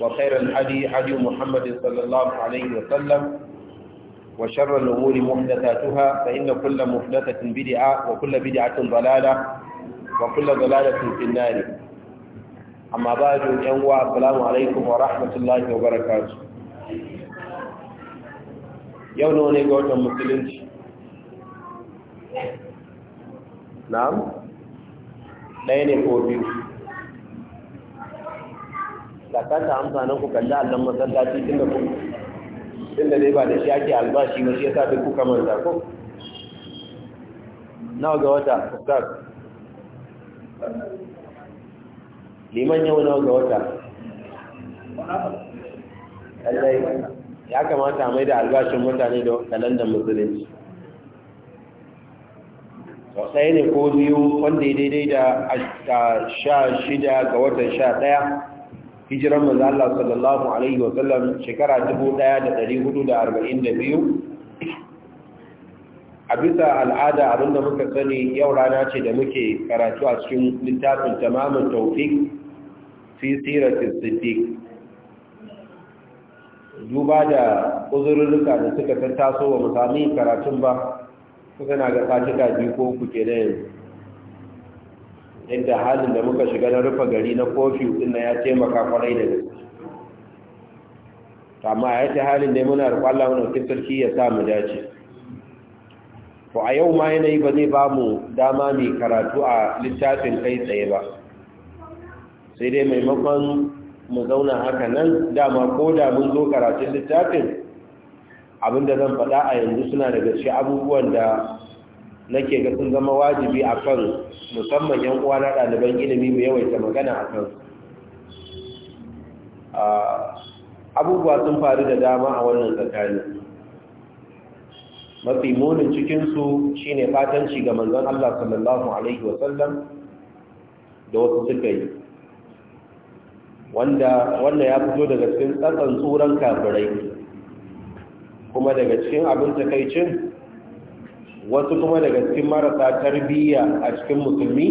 وخير الحدي حدي محمد صلى الله عليه وسلم وشر الأمور محدثاتها فإن كل محدثة بدعة وكل بدعة ضلالة وكل ضلالة في النار أما بعد ينوى السلام عليكم ورحمة الله وبركاته يوم نقول المسلمين نعم ɗaya ne ko biyu da ka ta amsa nan ku kalli allon masallaci tunda ku tunda dai ba da shi ake albashi ba shi yasa duk kuka manta ko nawa ga wata ustaz liman yau nawa ga wata lallai ya kamata a mai da albashin mutane da kalandar musulunci sosai ne ko biyu wanda ya daidai da sha shida ga watan sha ɗaya hijiran manzo Allah sallallahu alaihi da arba'in shekara 1442 a bisa al'ada abin da muka sani yau rana ce da muke karatu a cikin littafin tamamin taufik fi tsira siddiq duba da uzurruka da suka tattaso wa sami karatun ba suka na ga fatika biyu ko kuke da yanzu yadda halin da muka shiga na rufe gari na kofi din na ya taimaka kwarai da gaske amma ya ce halin da muna rufe Allah wani wakil sarki ya sa mu dace to a yau ma yanayi ba zai ba mu dama mai karatu a littafin kai tsaye ba sai dai maimakon mu zauna haka nan dama ko da mun zo karatun littafin abinda zan faɗa a yanzu suna daga shi abubuwan da nake ga sun zama wajibi a kan musamman yan uwa na ɗaliban ilimi mu yawaita magana a kan abubuwa sun faru da dama a wannan tsakani mafi munin cikinsu shine fatan ci ga manzon Allah sallallahu Alaihi wasallam da wasu suka yi wanda wannan ya fito daga cikin tsatsan tsoron kafirai kuma daga cikin abin takaicin wasu kuma daga cikin marasa tarbiyya a cikin musulmi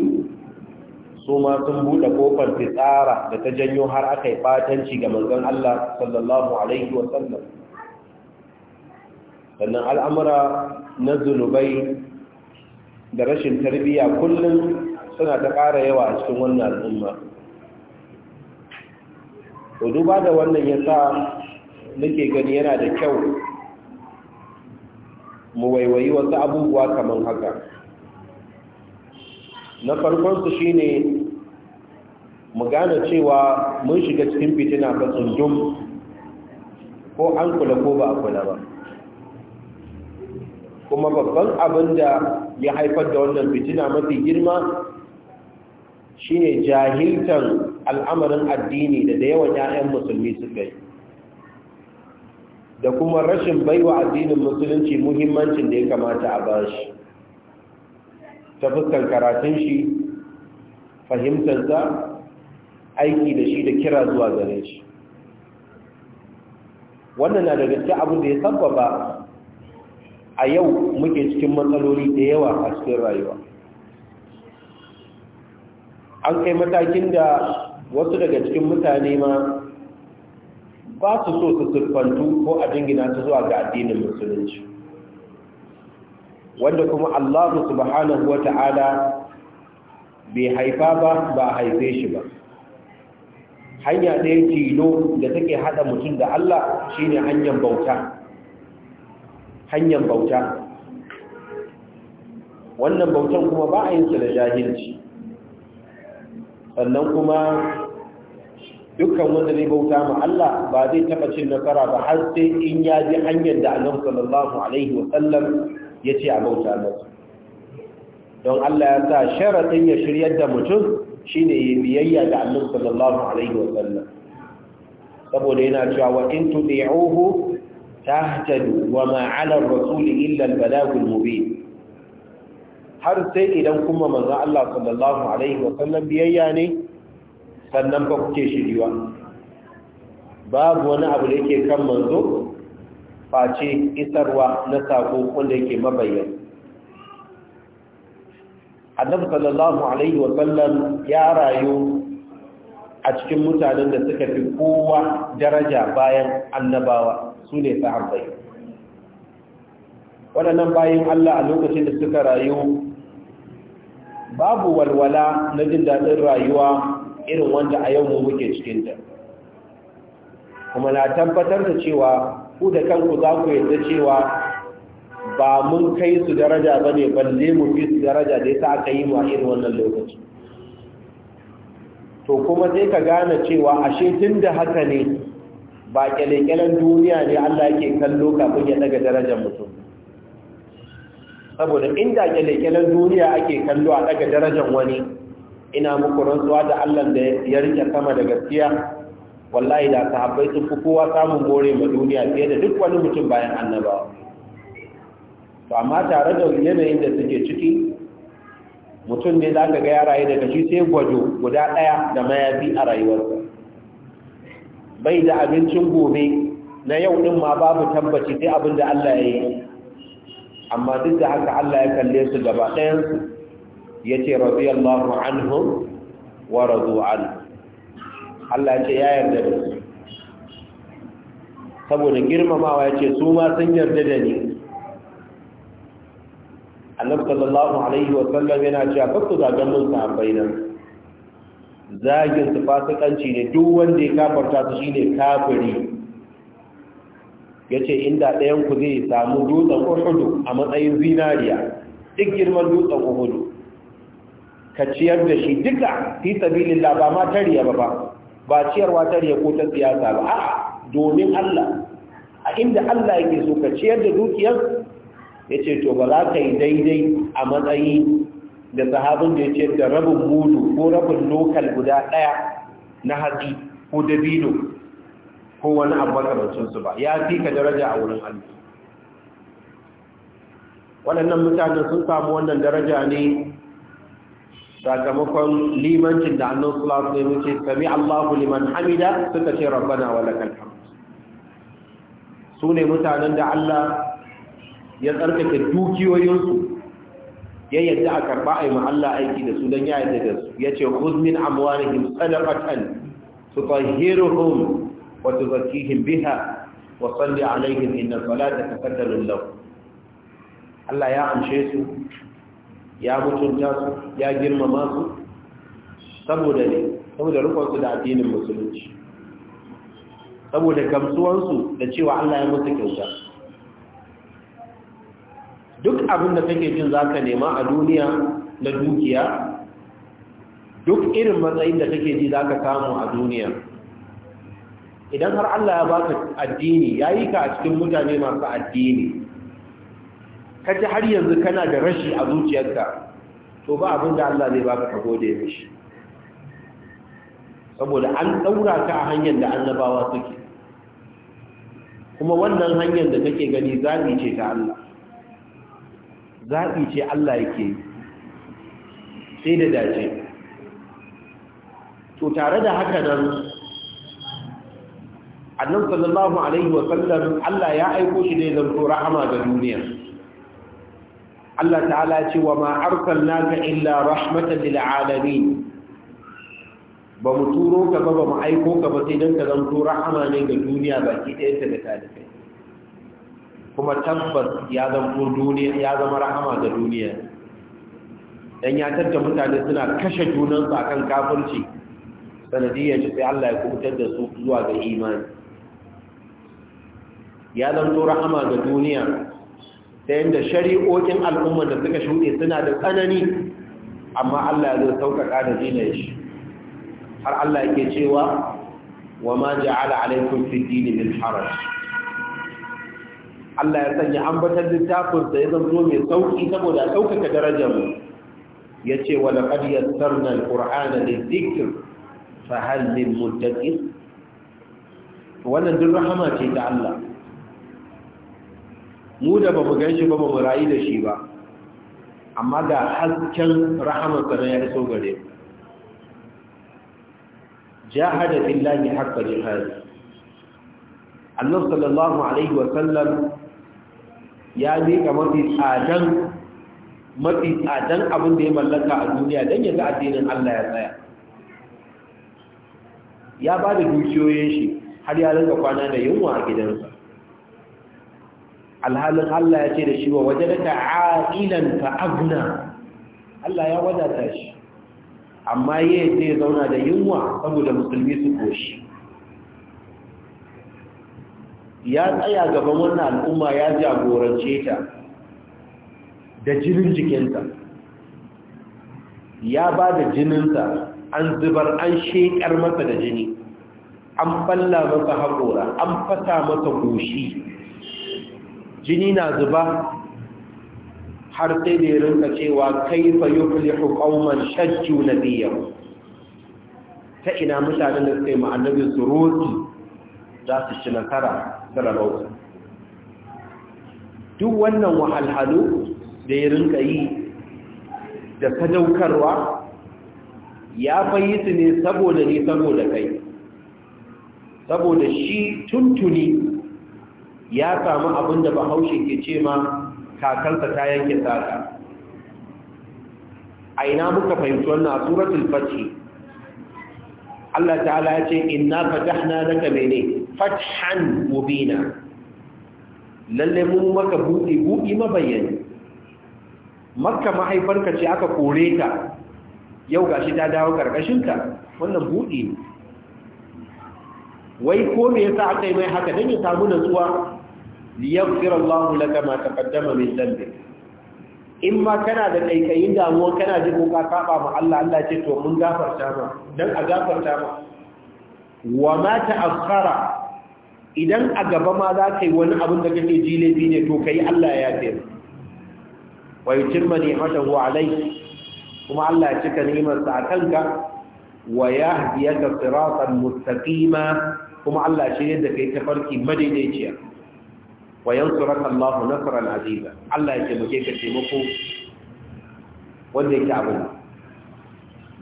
su ma sun buɗe kofar fitsara da ta janyo har aka yi batanci ga manzon Allah sallallahu alaihi wa sannan al'amura na zunubai da rashin tarbiyya kullum suna ta ƙara yawa a cikin wannan al'umma to duba da wannan yasa nake gani yana da kyau mu waiwayi wasu abubuwa kamar haka na farkonsu shi ne mu gane cewa mun shiga cikin fitina ta tsundum ko an kula ko ba a kula ba kuma babban abin da ya haifar da wannan fitina mafi girma shine jahiltan al'amarin addini da da yawan 'ya'yan musulmi suka yi da kuma rashin baiwa addinin musulunci muhimmancin da ya kamata a bashi ta fuskar karatun shi fahimtarsa aiki da shi da kira zuwa gare shi wannan na daga cikin abin da ya sabbaba a yau muke cikin matsaloli da yawa a cikin rayuwa an kai matakin da wasu daga cikin mutane ma ba su so su siffantu ko a jingina su zuwa ga addinin musulunci wanda kuma Allah subhanahu wata'ala bai haifa ba ba haife shi ba hanya ɗaya tilo da take haɗa mutum da Allah shine hanyar bauta hanyar bauta wannan bautan kuma ba a yin su da jahilci sannan kuma dukkan wanda zai bauta ma Allah ba zai taɓa cin nasara ba har sai in ya ji hanyar da annabi sallallahu alaihi wa sallam ya ce a bauta masa don Allah ya sa sharaɗin ya shiryar da mutum shine ya biyayya da annabi sallallahu alaihi wa sallam saboda yana cewa wa in tuti'uhu tahtadu wa ma 'ala ar-rasuli illa al-balagul mubin har sai idan kuma manzo Allah sallallahu alaihi wa sallam biyayya ne sannan ba kuke shiriwa babu wani abu da yake kan manzo face isarwa na sako wanda yake mabayyan annabi sallallahu alaihi wa sallam ya rayu a cikin mutanen da suka fi kowa daraja bayan annabawa su ne sahabbai waɗannan bayan Allah a lokacin da suka rayu babu walwala na jin daɗin rayuwa irin wanda a yau mu muke cikin ta kuma na tabbatar da cewa ku da kanku za ku yarda cewa ba mun kai su daraja ba ne balle mu fi su daraja da yasa aka yi mu a irin wannan lokaci to kuma sai ka gane cewa ashe tun da haka ne ba kyalekyalen duniya ne Allah yake kallo kafin ya daga darajar mutum saboda inda kyalekyalen duniya ake kallo a daga darajar wani ina muku rantsuwa da Allah da ya rike sama da gaskiya wallahi da sahabbai sun kowa samun more ma duniya fiye da duk wani mutum bayan annabawa to amma tare da yanayin da suke ciki mutum ne za ka ga ya rayu daga shi sai gwajo guda ɗaya da mayafi a rayuwarsa bai da abincin gobe na yau ɗin ma babu tabbaci sai abin da Allah ya yi amma duk da haka Allah ya kalle su gaba ɗayansu Ya ce, radiyallahu anhum wa radu an Allah ce ya yarda da su saboda girmamawa ya ce, su ma sun yarda da ni Annabi sallallahu alaihi wa sallam yana cewa fakku zagan mun sahabbai nan zagin su fasikanci ne duk wanda ya kafarta su shine kafiri yace inda ɗayan ku zai samu dutsen Uhud a matsayin zinariya duk girman dutsen Uhud ka ciyar da shi duka fi sabilillah ba ma tariya ba ba ciyarwa tariya ko ta siyasa ba a'a domin Allah a inda Allah yake so ka ciyar da dukiyar yace to ba za ka yi daidai a matsayi da sahabin da ya ciyar da rabin mudu ko rabin lokal guda ɗaya na hatsi ko dabino ko wani su ba ya fi ka daraja a wurin Allah waɗannan mutanen sun samu wannan daraja ne sakamakon limancin da annon sulat ne muke sami allahu liman hamida suka ce rabbana wa lakal su ne mutanen da allah ya tsarkake dukiyoyinsu ya yadda a karɓa a yi ma'alla aiki da su don ya yadda da su ya ce huzmin amwanihim sadaqatan tutahhiruhum wa tuzakkihim biha wa salli alaihim inna salata takatalu lau. Allah ya amshe su ya mutunta su ya girmama su saboda ne saboda rukunsu da addinin musulunci saboda gamsuwansu da cewa Allah ya musu kyauta duk abin da kake jin zaka nema a duniya na dukiya duk irin matsayin da kake ji zaka samu a duniya idan har Allah ya baka addini yayi ka a cikin mutane masu addini ka ji har yanzu kana da rashi a zuciyarka to ba abin da Allah zai baka ka gode mishi saboda an daura ka a hanyar da annabawa suke kuma wannan hanyar da kake gani zabi ce ta Allah zabi ce Allah yake sai da dace to tare da haka nan annabi sallallahu alaihi wa sallam Allah ya aiko shi ne zanto rahama ga duniya Allah ta'ala ce wa ma naka illa rahmatan lil alamin ba mu turo ka ba ba mu aiko ka ba sai don ka zanto rahama ne ga duniya baki ɗaya ta da talibai kuma tabbas ya zama rahama ga duniya dan ya tatta mutane suna kashe junansu akan kafirci shi sai Allah ya kubutar da su zuwa ga imani ya zanto rahama ga duniya ta yadda shari'o'in al'ummar da suka shuɗe suna da tsanani amma Allah ya zo sauƙaƙa da zina shi har Allah yake cewa wa ma ja'ala alaikum fi dini min haraj Allah ya sanya ambatar littafin sa ya zanto mai sauki saboda sauƙaƙa darajar mu yace wa laqad yassarna alqur'ana lidhikr fa hal lil muttaqin wannan duk rahama ce ta Allah mu da ba mu gan shi ba ba mu rayu da shi ba amma ga hasken rahamarsa na ya iso gare jahada billahi haqqa jihad annabi sallallahu alaihi wa sallam ya ga mafi tsadan mafi tsadan abin da ya mallaka a duniya don ya ga addinin Allah ya tsaya ya ba da dukiyoyin shi har ya rinka kwana da yunwa a gidansa alhalin Allah ya ce da shi wa wajadaka aqilan fa aghna Allah ya wadata shi amma yayin zai zauna da yunwa saboda musulmi su koshi ya tsaya gaban wannan al'umma ya jagorance ta da jinin jikinsa ya ba da jininsa an zubar an shekar masa da jini an falla masa haƙora an fata masa goshi jini na zuba har sai da ya rinka cewa kaifa yuflihu qauman shajju biyan, ta ina mutane da sai yi su roƙi za su ci nasara da duk wannan wahalhalu da ya rinka yi da sadaukarwa ya fayi su saboda ne saboda kai saboda shi tuntuni ya samu abin da bahaushe ke ce ma kakansa ta yanke tsada a ina muka fahimci wannan a suratul fathi Allah ta'ala ya ce inna fatahna laka mene fathan mubina lalle mun maka buɗe buɗe mabayyani makka mahaifarka ce aka kore ta yau gashi ta dawo karkashinka wannan buɗe ne wai ko me yasa aka yi mai haka dan ya samu nutsuwa liyaghfir Allahu laka ma taqaddama min dhanbik in ma kana da kaikayin damuwa kana ji ko ka kaba ma Allah Allah ce to mun gafarta ma dan a gafarta ma wa ma ta'akhkhara idan a gaba ma za ka yi wani abin da kake ji laifi ne to kai Allah ya yafe wa yutimma ni'matahu alai kuma Allah ya cika ni'imarsa a kanka wa yahdiyaka siratan mustaqima kuma Allah shi ne da kai farki, madaidaiciya wa yansuraka Allahu nasran aziza Allah ya taimake ka taimako wanda yake abin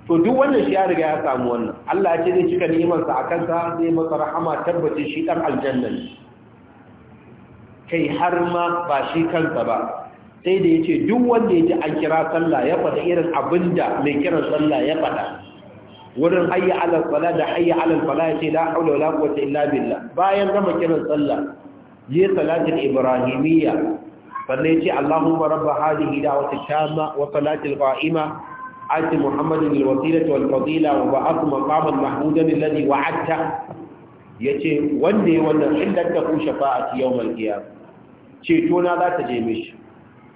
to duk wannan shi ya riga ya samu wannan Allah ya ce zai cika ni'imar sa akan sa zai masa rahama tabbacin shi ɗan aljanna ne kai har ma ba shi kansa ba sai da ya ce duk wanda ya yaji an kira sallah ya faɗa irin abinda mai kiran sallah ya faɗa wurin hayya ala sala da hayya ala fala ya ce la haula wala quwwata illa billah bayan gama kiran sallah yi salatul ibrahimiyya sannan ya ce Allahumma rabba hadhihi da'wati shamma wa salatul qa'ima ati muhammadin alwasilati wal fadila wa ba'ath maqaman mahmudan alladhi wa'adta yace wanda ya wannan illar ta ku shafa'ati yawmal qiyam ce to na za ta je mishi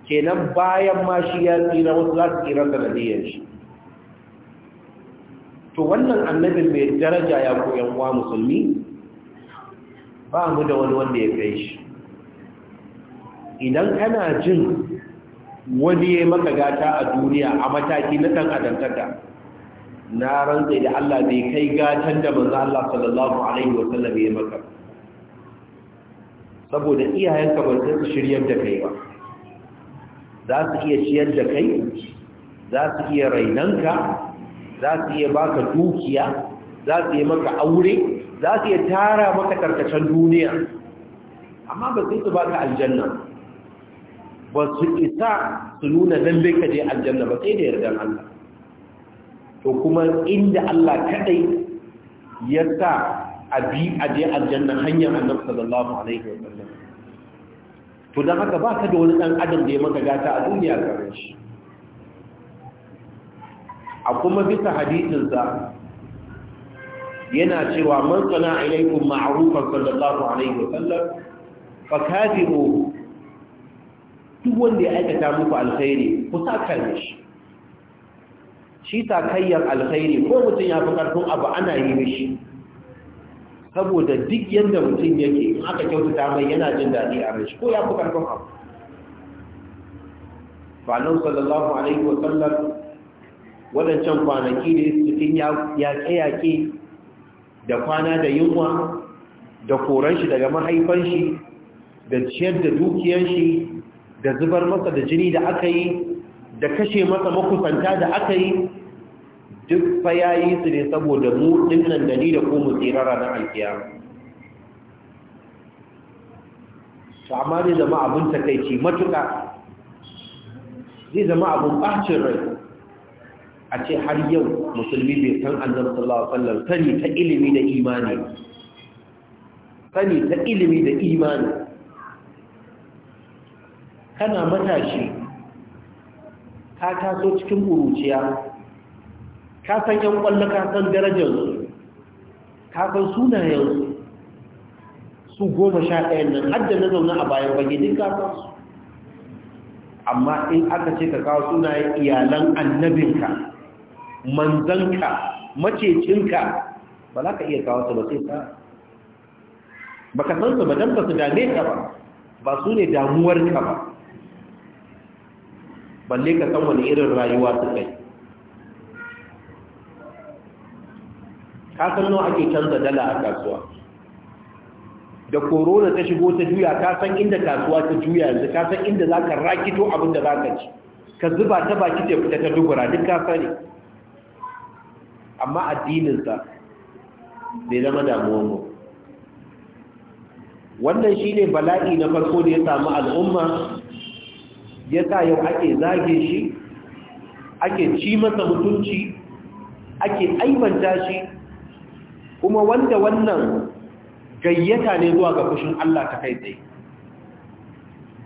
kenan bayan ma shi ya tsira wasu za su tsira sanadiyar shi to wannan annabin mai daraja ya koyan wa musulmi ba mu da wani wanda ya kai shi idan kana jin wani ya maka gata a duniya a mataki na ɗan adantaka na rantsa da Allah bai kai gatan da manzo Allah sallallahu alaihi wa sallam ya maka saboda iyayenka ba su shiryar da kai ba za su iya ciyar da kai za su iya rainanka za su iya baka dukiya za su iya maka aure za su iya tara maka karkacen duniya amma ba sai su ka aljanna ba su isa su nuna lalle ka je aljanna ba sai da yardan Allah to kuma inda Allah kadai ya sa a bi a je aljanna hanyar annabi sallallahu alaihi wa sallam to dan haka ba baka da wani dan adam da ya maka gata a duniya kare shi a kuma bisa hadisin sa yana cewa man sana ilaikum ma'rufan sallallahu alaihi wa sallam fa kadibu duk wanda ya aikata muku alkhairi ku saka shi shi kayyar alkhairi ko mutum ya fi karfin abu ana yi mishi saboda duk yadda mutum yake in aka kyautata mai yana jin daɗi a ranshi ko ya fi karfin abu fanon sallallahu alaihi wa sallam waɗancan kwanaki da cikin yaƙe-yaƙe da kwana da yunwa da koran shi daga mahaifan shi da ciyar da dukiyar shi da zubar masa da jini da aka yi da kashe masa makusanta da aka yi duk fa yayi su ne saboda mu dinnan da ni da ku mu tsira na alkiya to amma zai zama abin takaici matuka zai zama abin bacin rai a ce har yau musulmi bai san annabi sallallahu sani ta ilimi da imani sani ta ilimi da imani kana matashi ka taso cikin buruciya ka san yan kwallo ka san darajarsu ka san sunayensu su goma sha ɗaya nan hadda na zaune a bayan bage duk amma in aka ce ka kawo sunayen iyalan annabinka manzanka macecinka ba za ka iya kawo su ba sai ta ba ka san su ba don ba su dame ka ba ba su ne damuwar ka ba balle ka san wani irin rayuwa su kai ka san nawa ake canza dala a kasuwa da korona ta shigo ta juya ka san inda kasuwa ta juya yanzu ka san inda za ka rakito abin da za ka ci ka zuba ta baki ta fita ta dubura duk ka sani amma addininsa bai zama damuwan mu wannan shine bala'i na farko da ya samu al'umma ya sa yau ake zage shi ake ci masa mutunci ake aibanta shi kuma wanda wannan gayyata ne zuwa ga fushin Allah ta kai tsaye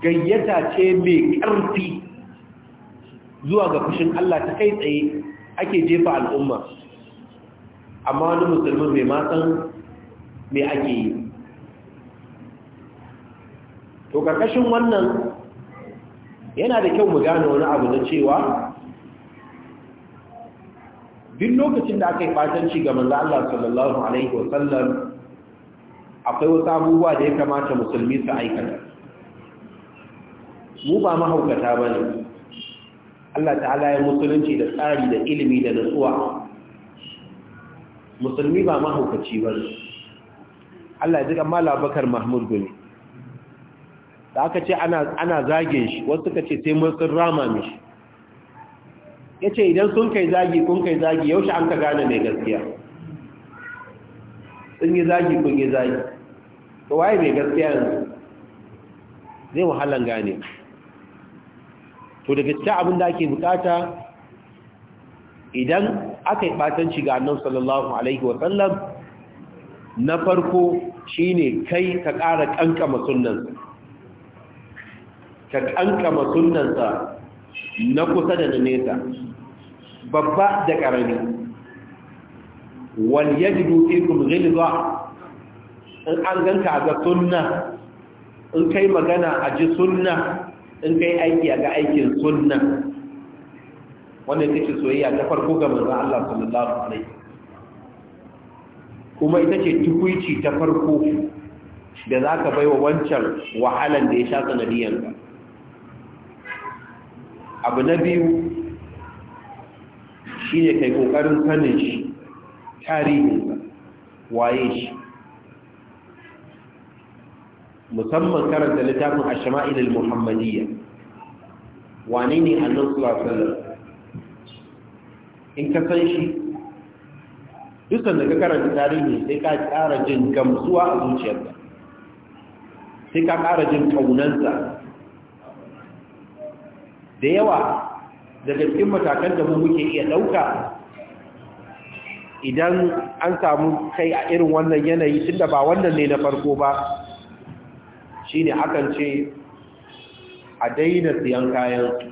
gayyata ce mai ƙarfi zuwa ga fushin Allah ta kai tsaye ake jefa al'umma amma wani musulmin mai matsan mai ake yi to ƙarƙashin wannan yana da kyau mu gane wani abu na cewa duk lokacin da aka yi fatanci ga manzo Allah sallallahu alaihi wasallam akwai wasu abubuwa da ya kamata musulmi su aikata mu ba mahaukata bane Allah ta'ala ya musulunci da tsari da ilimi da nutsuwa musulmi ba mahaukaci ba Allah ya jiƙa mala bakar mahmud gumi da aka ce ana zage shi wasu suka ce sai mun sun rama mishi ya ce idan sun kai zagi kun kai zagi yaushe an ka gane mai gaskiya sun yi zagi kun yi zagi to waye mai gaskiya yanzu zai wahalan gane to daga cikin abin da ake bukata idan aka yi batanci ga annabi sallallahu alaihi wa sallam na farko shine kai ka ƙara ƙanƙama sunnansa ka ƙanƙama sunansa na kusa da na nesa babba da ƙarami wal yajidu fikum ghilza in an ganka ga sunna in kai magana a ji sunna in kai aiki a ga aikin sunna wannan ita ce soyayya ta farko ga manzon Allah sallallahu alaihi kuma ita ce tukuici ta farko da za ka baiwa wancan wahalan da ya sha sanadiyan ka abu na biyu shi ne kai kokarin sanin shi tarihin ka waye shi musamman karanta littafin ashma'il muhammadiyya wane ne annabi sallallahu alaihi wasallam in ka san shi dukkan da ka karanta tarihi sai ka ƙara jin gamsuwa a zuciyarka sai ka ƙara jin kaunansa da yawa daga cikin matakan da mu muke iya ɗauka idan an samu kai a irin wannan yanayi tunda ba wannan ne na farko ba shine akan ce a daina siyan kayan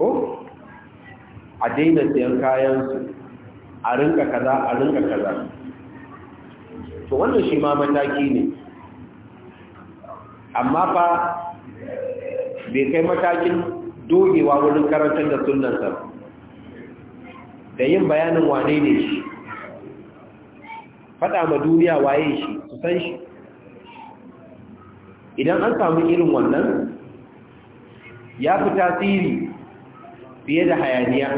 ko a daina sayan kayansu a rinka kaza a rinka kaza to wannan shi ma mataki ne amma fa bai kai matakin dogewa wurin karantar da sunansa da yin bayanin wane ne shi faɗa ma duniya waye shi su san shi idan an samu irin wannan ya fi tasiri fiye da hayaniya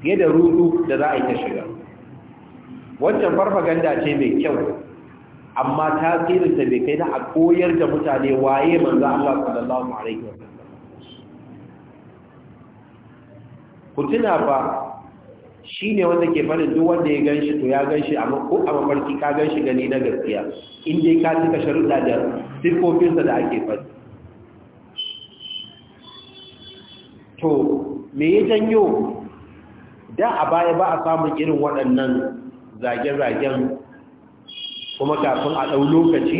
fiye da rudu da za a yi ta shiga wancan farfaganda ce mai kyau amma ta tasirinta mai kai na a koyar da mutane waye manzo Allah sallallahu alaihi wasallam ku tuna fa shine wanda ke fara duk wanda ya ganshi to ya ganshi amma ko a mafarki ka ganshi gani na gaskiya in dai ka cika sharuɗa da sifofinsa da ake faɗi to me ya janyo da a baya ba a samun irin waɗannan zage-zagen kuma kafin a ɗau lokaci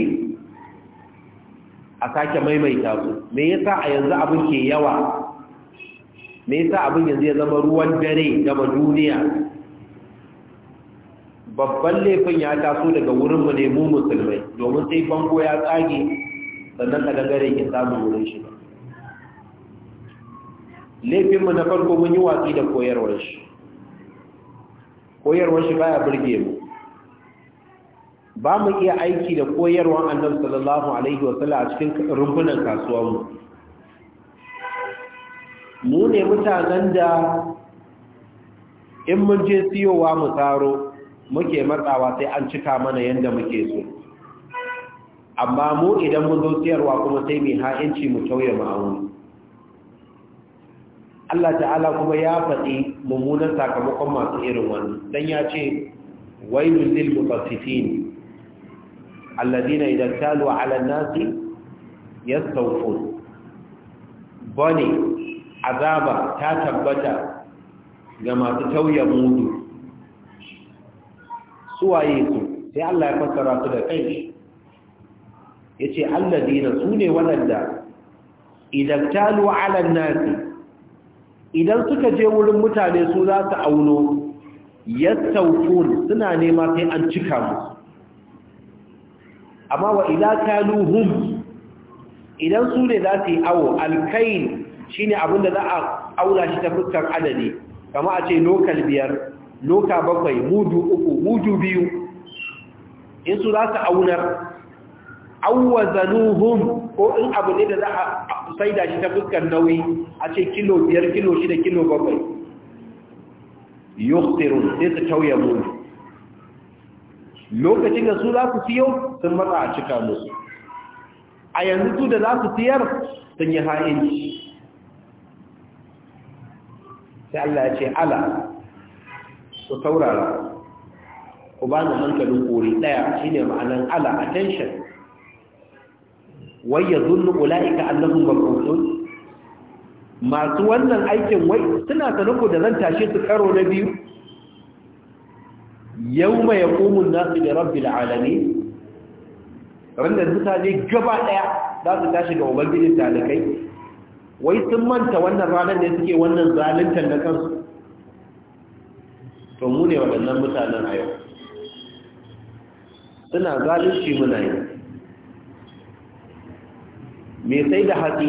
a sake maimaita su me ya sa a yanzu abin ke yawa me ya sa abin yanzu ya zama ruwan dare gama duniya babban laifin ya taso daga wurinmu ne mu musulmai domin sai bango ya tsage sannan ka dangare ke samun wurin shi ba laifinmu na farko mun yi watsi da koyarwar shi koyarwar shi baya burge mu ba mu iya aiki da koyarwar annabi sallallahu alaihi wasallam a cikin rumfunan kasuwar mu mu ne mutanen da in mun je siyowa mu tsaro muke matsawa sai an cika mana yadda muke so amma mu idan mun zo siyarwa kuma sai mai ha'inci mu tauye ma'auni Allah ta'ala kuma ya faɗi mummunan sakamakon masu irin wannan don ya ce wailul lil mutaffifin alladhina idza talu 'ala an-nasi yastawfun bane azaba ta tabbata ga masu tauye mudu suwaye su sai Allah ya fassara su da kai Ya ce yace alladhina sune waɗanda idan talu 'ala nasi idan suka je wurin mutane su za su auno yastaufun suna nema sai an cika musu amma wa idza kaluhum idan su ne za su yi awo alkail shine abinda za a aula shi ta fuskar adadi kama a ce lokal biyar loka bakwai mudu uku mudu biyu in su za su aunar awwazanuhum ko in abu ne da za a su saida shi ta fuskar nauyi a ce kilo biyar kilo shida kilo bakwai yukhtirun sai su tauye mu lokacin da su za su siyo sun matsa a cika musu a yanzu su da za su siyar sun yi ha'inci sai Allah ya ce ala ku taurara ku ba ni hankalin kori ɗaya shine ma'anar ala attention wai ya zunnu ula'ika annahum mab'uthun masu wannan aikin wai suna sanuku da zan tashe su karo na biyu yawma yaqumun nasu li rabbil alamin ranar ne gaba daya za su tashi ga ubangijin talakai. wai sun manta wannan ranar da suke wannan zaluntar na kansu to mu ne waɗannan mutanen a yau suna zalunci muna yi mai sai da hatsi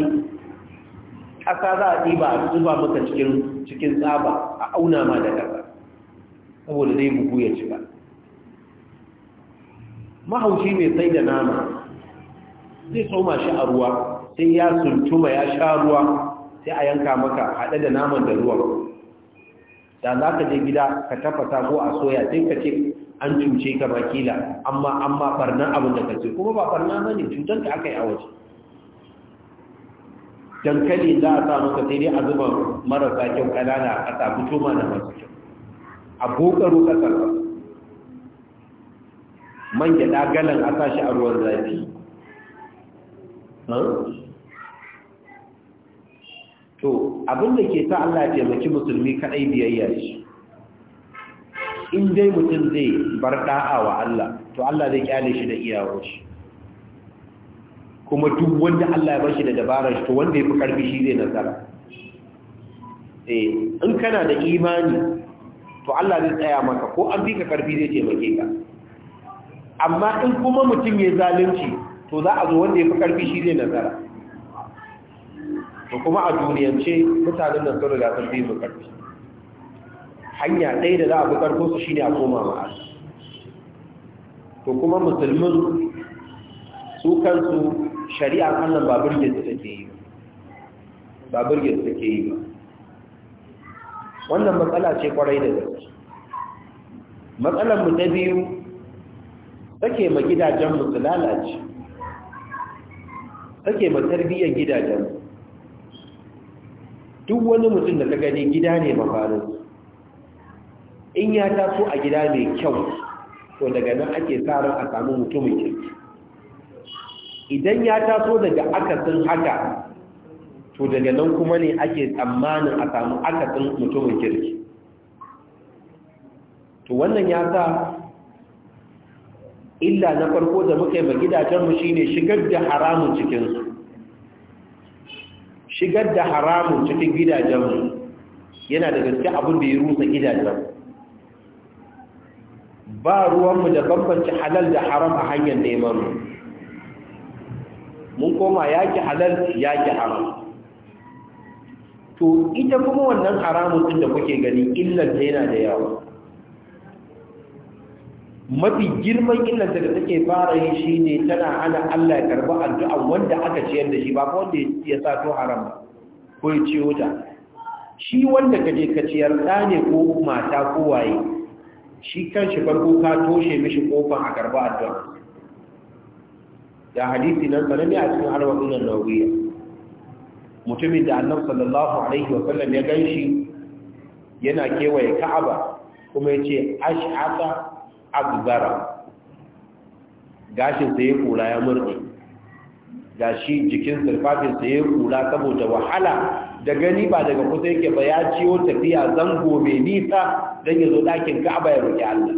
ƙasa za a ɗiba a zuba maka cikin tsaba a auna ma da ƙasa saboda zai bugu ya cika mahaushi mai sai da nama zai soma shi a ruwa sai ya suntuma ya sha ruwa sai a yanka maka haɗe da naman da ruwa. da za ka je gida ka tafasa ko a soya sai ka ce an cuce ka makila amma amma barnan abin da ka ce kuma ba barna ba ne cutar da aka yi a waje dankali za a sa maka sai dai a zuba marasa kyau kanana a ƙasa fito na masu kyau a bokaro ƙasar ba man gyaɗa galan a sa shi a ruwan zafi to abin da ke sa Allah taimaki musulmi kaɗai biyayya shi in dai mutum zai bar da'a wa Allah to Allah zai kyale shi da iyawar shi kuma duk wanda Allah ya shi da dabarar shi to wanda ya fi karfi shi zai nasara eh in kana da imani to Allah zai tsaya maka ko an fika karfi zai taimake ka amma in kuma mutum ya zalunci to za a zo wanda ya fi karfi shi zai nasara to kuma a duniyance mutanen nan sun riga sun fi ƙarfi. karfi hanya ɗaya da za a fi karfin su shine a koma ma to kuma musulmin su kansu shari'a Allah ba burge su take yi ba burge su take yi ba wannan matsala ce kwarai da gaske matsalar mu ta biyu take ma gidajen mu su lalace take ma tarbiyyar gidajen mu duk wani mutum da ka gani gida ne mafarin in ya taso a gida mai kyau to daga nan ake tsarin a samu mutumin kirki idan ya taso daga akasin haka to daga nan kuma ne ake tsammanin a samu akasin mutumin kirki to wannan ya sa illa na farko da muka yi gidajenmu shi ne shigar da haramun cikinsu shigar da haramun cikin gidajenmu yana da gaske abin da ya rusa gidajen ba ruwanmu da bambanci halal da haram a hanyar neman mu mun koma yaki halal yaki haram to ita kuma wannan haramun din da kuke gani illa ta yana da yawa mafi girman illa da take fara yi shine tana ana Allah ya karba addu'a wanda aka ciyar da shi ba ko wanda ya sa to haram ko ya ciyo ta shi wanda kaje ka ciyar da ne ko mata ko waye shi kan shi farko ka toshe mishi kofar a karba addu'a da hadisi nan ne a cikin arba'in nawawiya mutumin da annabi sallallahu alaihi wa sallam ya ganshi yana kewaye ka'aba kuma ya yace ash'ata abzara gashin sa ya kura ya murde gashi jikin sirfafin sa ya kula saboda wahala da gani ba daga kusa yake ba ya ciwo tafiya zango mai nisa dan ya zo dakin ka'aba ya roki Allah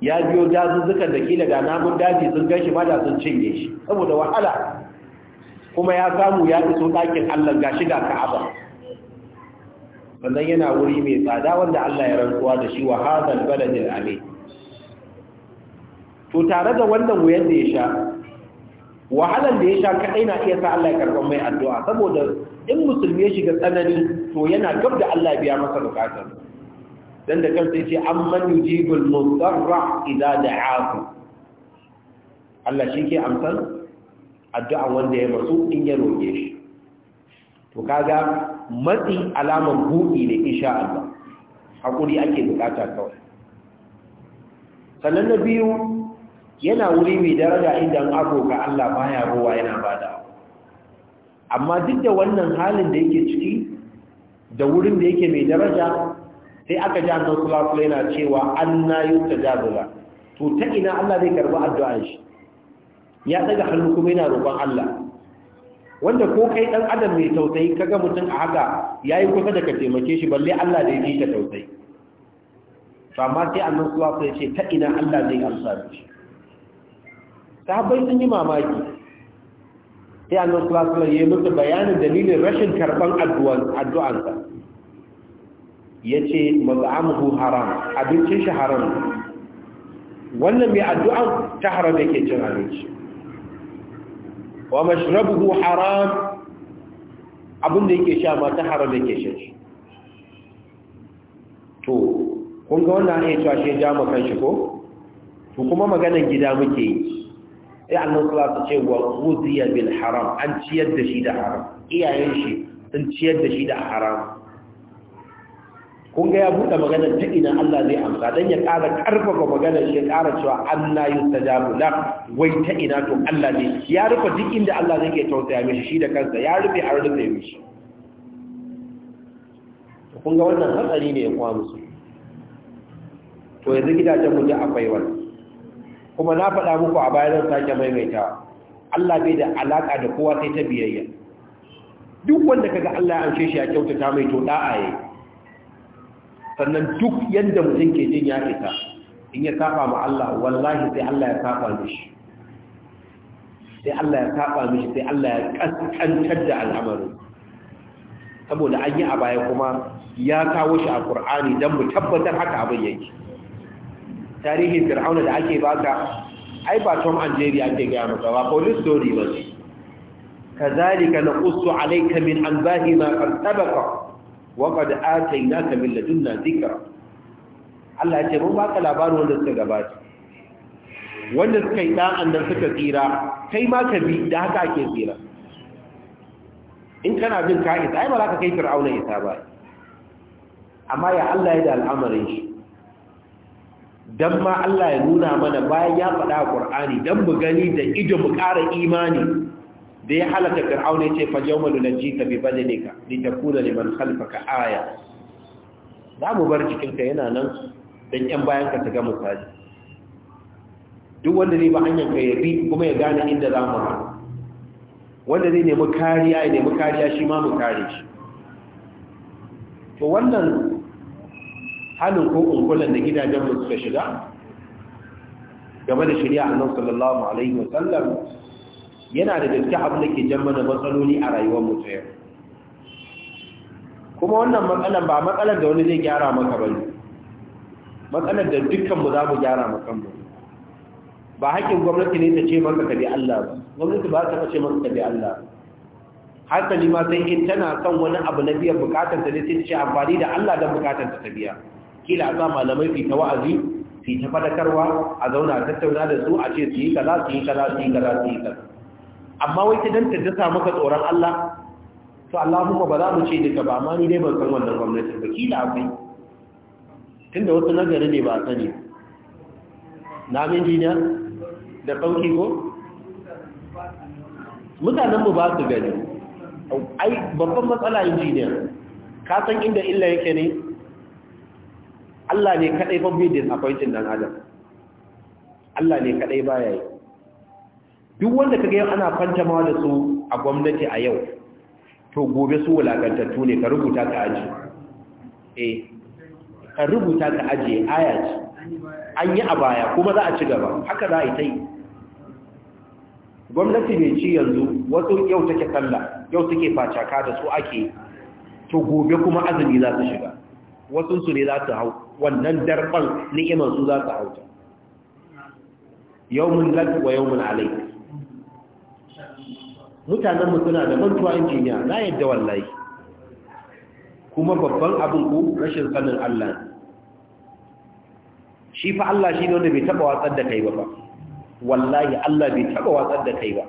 ya biyo dazuzzukan da kila ga namun daji sun gashi ma da sun cinye shi saboda wahala kuma ya samu ya iso ɗakin Allah gashi ga Ka'aba sannan yana wuri mai tsada wanda Allah ya rantsuwa da shi wa hadal baladil amin to tare da wannan wuyan da ya sha wahalan da ya sha kaɗai na iya sa Allah ya karɓar mai addu'a saboda in musulmi ya shiga tsanani to yana gab da Allah biya masa bukatar dan da kansa yace amman yujibul mudarra idza da'aku Allah shi ke addu'a wanda ya masu in ya roke shi to kaga matsi alamar buɗi ne insha Allah hakuri ake bukata kawai sannan na biyu yana wuri mai daraja idan ako aboka Allah baya ruwa yana bada amma duk da wannan halin da yake ciki da wurin da yake mai daraja sai aka ji annabi sallallahu alaihi yana cewa anna yutajabula to ta ina Allah zai karba addu'an shi ya daga hannu kuma yana roƙon Allah wanda ko kai dan adam mai tausayi kaga mutum a haka yayi kusa da ka taimake shi balle Allah zai yake ta tausayi to amma sai annabi sallallahu alaihi ce ta ina Allah zai amsa shi sahabbai sun yi mamaki sai annabi sallallahu alaihi ya musu bayanin dalilin rashin karban addu'an addu'ansa ya ce maz'amuhu haram abincin shi haram wannan mai addu'an ta haram yake cin abinci wa mashrabuhu haram da yake sha ma ta haram yake shan shi to kun ga wannan ya cewa shi ja makan shi ko to kuma maganan gida muke yi sai Allah sallallahu ce wa ghuziya bil haram an ciyar da shi da haram iyayen shi sun ciyar da shi da haram kun ga ya buɗe maganar ta ina Allah zai amsa don ya ƙara ƙarfafa maganar ya ƙara cewa Allah yustajabu na wai ta ina to Allah ne ya rufe duk inda Allah zai ke tausaya mishi shi da kansa ya rufe har rufe mishi kun ga wannan hatsari ne ya kwa musu to yanzu gidajen mu da akwai wani kuma na faɗa muku a bayan sake maimaita Allah bai da alaƙa da kowa sai ta biyayya duk wanda kaga Allah ya amshe shi ya kyautata mai to da'a yayi sannan duk yadda mutum ke jin ya fita in ya saba ma Allah wallahi sai Allah ya saba mishi sai Allah ya saba mishi sai Allah ya kaskantar da al'amari. saboda an yi a baya kuma ya kawo shi a ƙurani dan mu tabbatar haka abin yake tarihin Fir'auna da ake baka ai ba Tom and Jerry ake gaya maka ba police story ba ne kazalika naqussu alayka min anbahi ma qad sabaqa wa qad atainaka min ladunna dhikra Allah ya ce mun baka labarin wanda suka gabata wanda suka yi da'an da suka tsira kai ma ka bi da haka ake tsira in kana bin isa ai ba za ka kai fir'auna isa ba amma ya Allah ya da al'amarin shi Don ma Allah ya nuna mana bayan ya faɗa ƙur'ani, don mu gani da ido mu ƙara imani da ya halaka fir'auna ya ce fajawma jita bi badalika litakuna liman khalfaka aya za mu bar jikinka yana nan dan yan ka ta ga misali duk wanda zai ba hanyar ka yabi kuma ya gane inda za mu haɗu wanda zai nemi kariya ya nemi kariya shi ma mu kare shi to wannan halin ko unkulan da gidajen mu suka shiga game da shari'a annabi sallallahu alaihi wasallam yana da gaske abin da ke jammana matsaloli a rayuwar mutu yau kuma wannan matsalan ba matsalar da wani zai gyara maka ba ne matsalar da dukkanmu za mu gyara makanmu ba haƙƙin gwamnati ne ta ce maka ka bi Allah ba gwamnati ba ta ce maka ka bi Allah har ta nima sai in tana son wani abu na biyan bukatar ta ne sai ce amfani da Allah don bukatar ta biya kila a sa malamai fita wa'azi fita fadakarwa a zauna a tattauna da su a ce su yi kaza su yi kaza su yi kaza su yi kaza amma wai ta danta dasa maka tsoron Allah to Allah kuma ba za mu ce duka ba amma ni dai ban san wannan gwamnati ba kila akwai tunda wasu nagari ne ba a sani na min jiya da kauki ko mutanen mu ba su gani ai babban matsala injiniya ka san inda illa yake ne Allah ne kadai fa bidin appointing dan adam Allah ne kadai baya yi duk wanda ka yau ana fantamawa da su a gwamnati a yau to gobe su wulakantattu ne ka rubuta ka aji eh ka rubuta ka aji aya ce an yi a baya kuma za a ci gaba haka za a yi ta yi gwamnati mai ci yanzu wasu yau take sallah yau take facaka da su ake to gobe kuma azumi za su shiga wasunsu su ne za su hau wannan darban ni'imansu za su hauta yawmun lak wa yawmun alayk mutanen mu suna da mantuwa injiniya na yadda wallahi kuma babban abin ku rashin sanin Allah shi fa Allah shi ne wanda bai taba watsar da kai ba ba wallahi Allah bai taba watsar da kai ba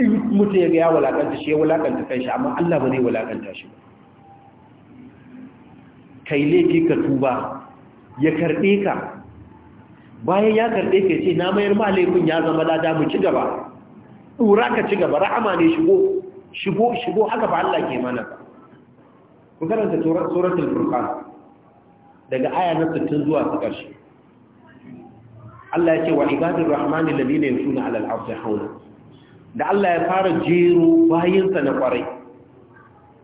in mutum ya ga ya wulakanta shi ya wulakanta shi amma Allah ba zai wulakanta shi ba kai laifi ka tuba ya karbe ka bayan ya karbe ka ce na mayar ma laifin ya zama lada mu ci gaba tsura ka ci gaba rahama ne shigo shigo shigo haka ba Allah ke mana ku karanta suratul furqan daga aya na 60 zuwa ta ƙarshe Allah ya ce wa ibadur rahmanil ladina yamshuna 'alal ardi hawla da Allah ya fara jero bayinsa na kwarai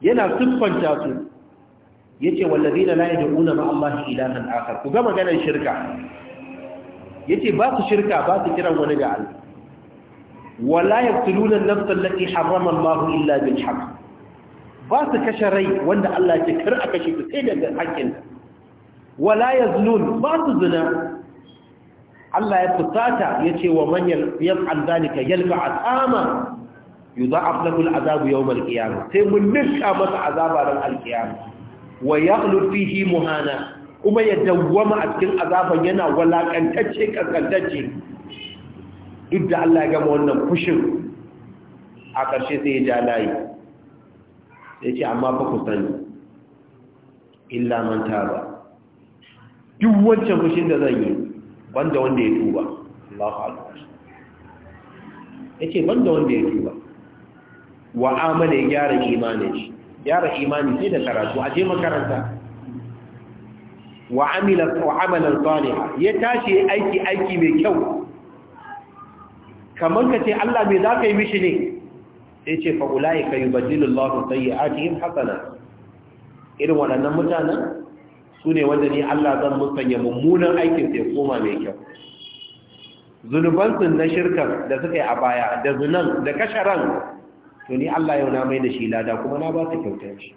yana siffanta su yace Ladina la yad'una ma Allah ilahan akhar ku ga maganar shirka yace ba su shirka ba su kiran wani ga Allah wala ya an-nafs allati harrama illa bil haqq ba su kashe rai wanda Allah ya kar a kashe ta sai da hakkin wala yaznun ba su zina Allah ya fusata yace wa man yaf'al zalika yalqa asama yudha'af lahu al-'adabu yawm al-qiyamah sai mun nika masa azaba ran al-qiyamah wa yakhlu fihi muhana kuma ya dawwama a cikin azaban yana walakantacce kankantacce duk da Allah ya gama wannan fushin a ƙarshe sai ya ja layi sai ce amma fa ku sani illa man taba duk wancan fushin da zan yi banda wanda ya tuba Allahu akbar yace banda wanda ya tuba wa amale ya gyara imanin shi gyara imani sai da karatu a je makaranta wa amila wa amalan salihah ya tashi aiki aiki mai kyau kamar ka ce Allah me za ka yi mishi ne sai ce fa'ula'i ka yi bajilin lafi tsaye a cikin hasana irin waɗannan mutanen su ne wanda ni Allah zan musanya mummunan aikin sai koma mai kyau zunubansu na shirkar da suka yi a baya da zunan da kasharan to ni Allah yau na mai da shi lada kuma na ba su kyautar shi